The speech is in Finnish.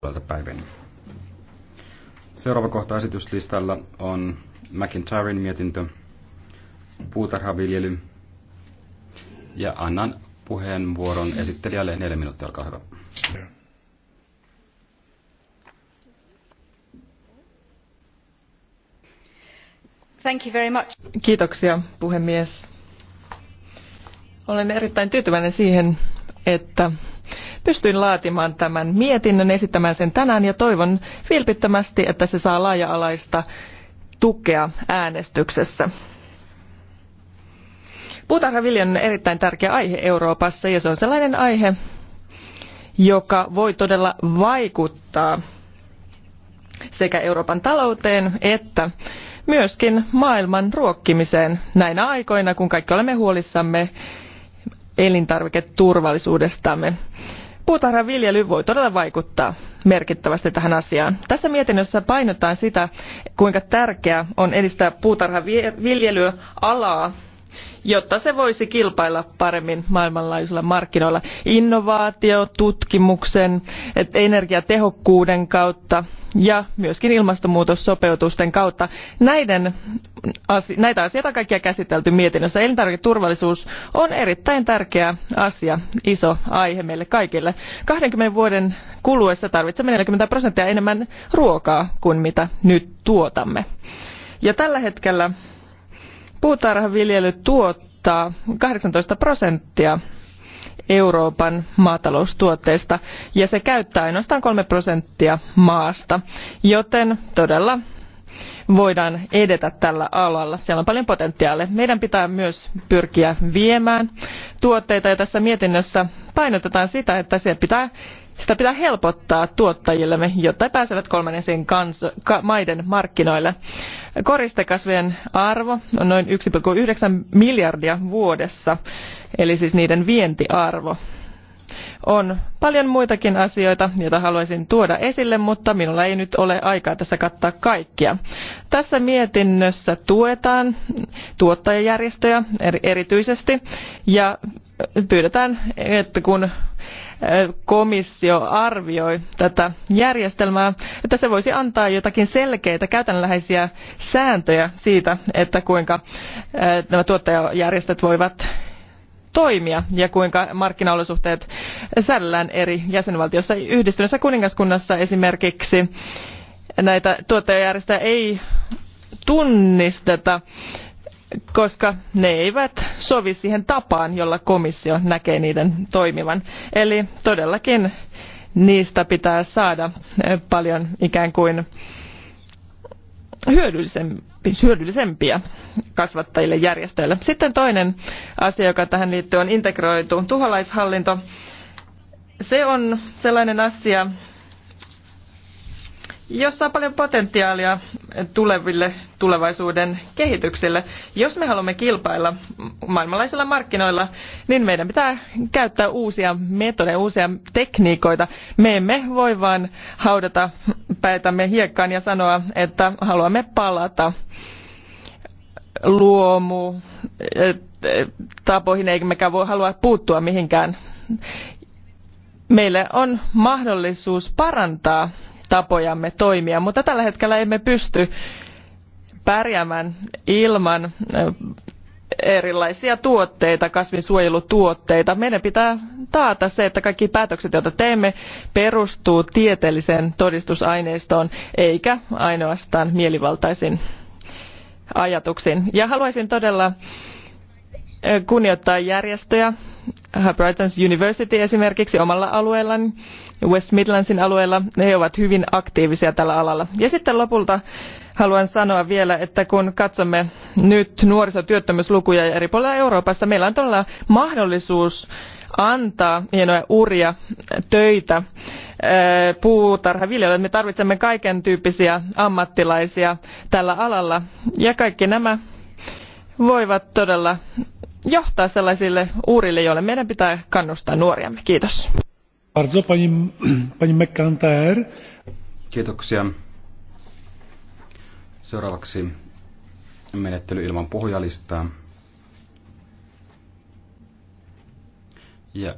tuolta päivänä. Seuraava kohta esityslistalla on McIntyren mietintö, puutarhaviljely ja annan puheenvuoron esittelijälle neljä minuuttia, olkaa hyvä. Thank you very much. Kiitoksia puhemies. Olen erittäin tyytyväinen siihen, että pystyin laatimaan tämän mietinnön, esittämään sen tänään ja toivon vilpittömästi, että se saa laaja-alaista tukea äänestyksessä. Puutarhaviljan on erittäin tärkeä aihe Euroopassa ja se on sellainen aihe, joka voi todella vaikuttaa sekä Euroopan talouteen että myöskin maailman ruokkimiseen näinä aikoina, kun kaikki olemme huolissamme elintarviketurvallisuudestamme puutarhan viljely voi todella vaikuttaa merkittävästi tähän asiaan. Tässä mietinnössä painotetaan sitä, kuinka tärkeää on edistää puutarhan alaa jotta se voisi kilpailla paremmin maailmanlaajuisilla markkinoilla. Innovaatio, tutkimuksen, energiatehokkuuden kautta ja myöskin ilmastonmuutossopeutusten kautta. Näiden, näitä asioita on kaikkia käsitelty mietinnössä. Elintarviketurvallisuus on erittäin tärkeä asia, iso aihe meille kaikille. 20 vuoden kuluessa tarvitsemme 40 prosenttia enemmän ruokaa kuin mitä nyt tuotamme. Ja tällä hetkellä Puutarhaviljely tuottaa 18 prosenttia Euroopan maataloustuotteista ja se käyttää ainoastaan kolme prosenttia maasta, joten todella voidaan edetä tällä alalla. Siellä on paljon potentiaalia. Meidän pitää myös pyrkiä viemään tuotteita ja tässä mietinnössä painotetaan sitä, että se pitää sitä pitää helpottaa tuottajillemme, jotta pääsevät kolmannensien maiden markkinoille. Koristekasvien arvo on noin 1,9 miljardia vuodessa, eli siis niiden vientiarvo. On paljon muitakin asioita, joita haluaisin tuoda esille, mutta minulla ei nyt ole aikaa tässä kattaa kaikkia. Tässä mietinnössä tuetaan tuottajajärjestöjä erityisesti ja pyydetään, että kun komissio arvioi tätä järjestelmää, että se voisi antaa jotakin selkeitä käytännönläheisiä sääntöjä siitä, että kuinka nämä tuottajajärjestöt voivat toimia ja kuinka markkinaolosuhteet säädellään eri jäsenvaltioissa. Yhdistyneessä kuningaskunnassa esimerkiksi näitä tuottajajärjestöjä ei tunnisteta koska ne eivät sovi siihen tapaan, jolla komissio näkee niiden toimivan. Eli todellakin niistä pitää saada eh, paljon ikään kuin hyödyllisempiä kasvattajille järjestöille. Sitten toinen asia, joka tähän liittyy, on integroitu tuholaishallinto. Se on sellainen asia, jossa on paljon potentiaalia tuleville tulevaisuuden kehityksille. Jos me haluamme kilpailla maailmanlaisilla markkinoilla, niin meidän pitää käyttää uusia metodeja, uusia tekniikoita. Me emme voi vain haudata päätämme hiekkaan ja sanoa, että haluamme palata luomu tapoihin, eikä mekään voi halua puuttua mihinkään. Meille on mahdollisuus parantaa tapojamme toimia mutta tällä hetkellä emme pysty pärjäämään ilman erilaisia tuotteita kasvinsuojelutuotteita. meidän pitää taata se että kaikki päätökset joita teemme perustuu tieteelliseen todistusaineistoon eikä ainoastaan mielivaltaisiin ajatuksiin. ja haluaisin todella kunnioittaa järjestöjä Äh, Brightons University esimerkiksi omalla alueellani, West Midlandsin alueella, he ovat hyvin aktiivisia tällä alalla. Ja sitten lopulta haluan sanoa vielä, että kun katsomme nyt nuorisotyöttömyyslukuja eri puolilla Euroopassa, meillä on todella mahdollisuus antaa hienoja uria, töitä, äh, puutarhaviljelijöille. Me tarvitsemme kaiken tyyppisiä ammattilaisia tällä alalla ja kaikki nämä voivat todella johtaa sellaisille uurille, joille meidän pitää kannustaa nuoriamme. Kiitos. Bardzo, pani, pani Kiitoksia. Seuraavaksi menettely ilman puhujalistaa. Ja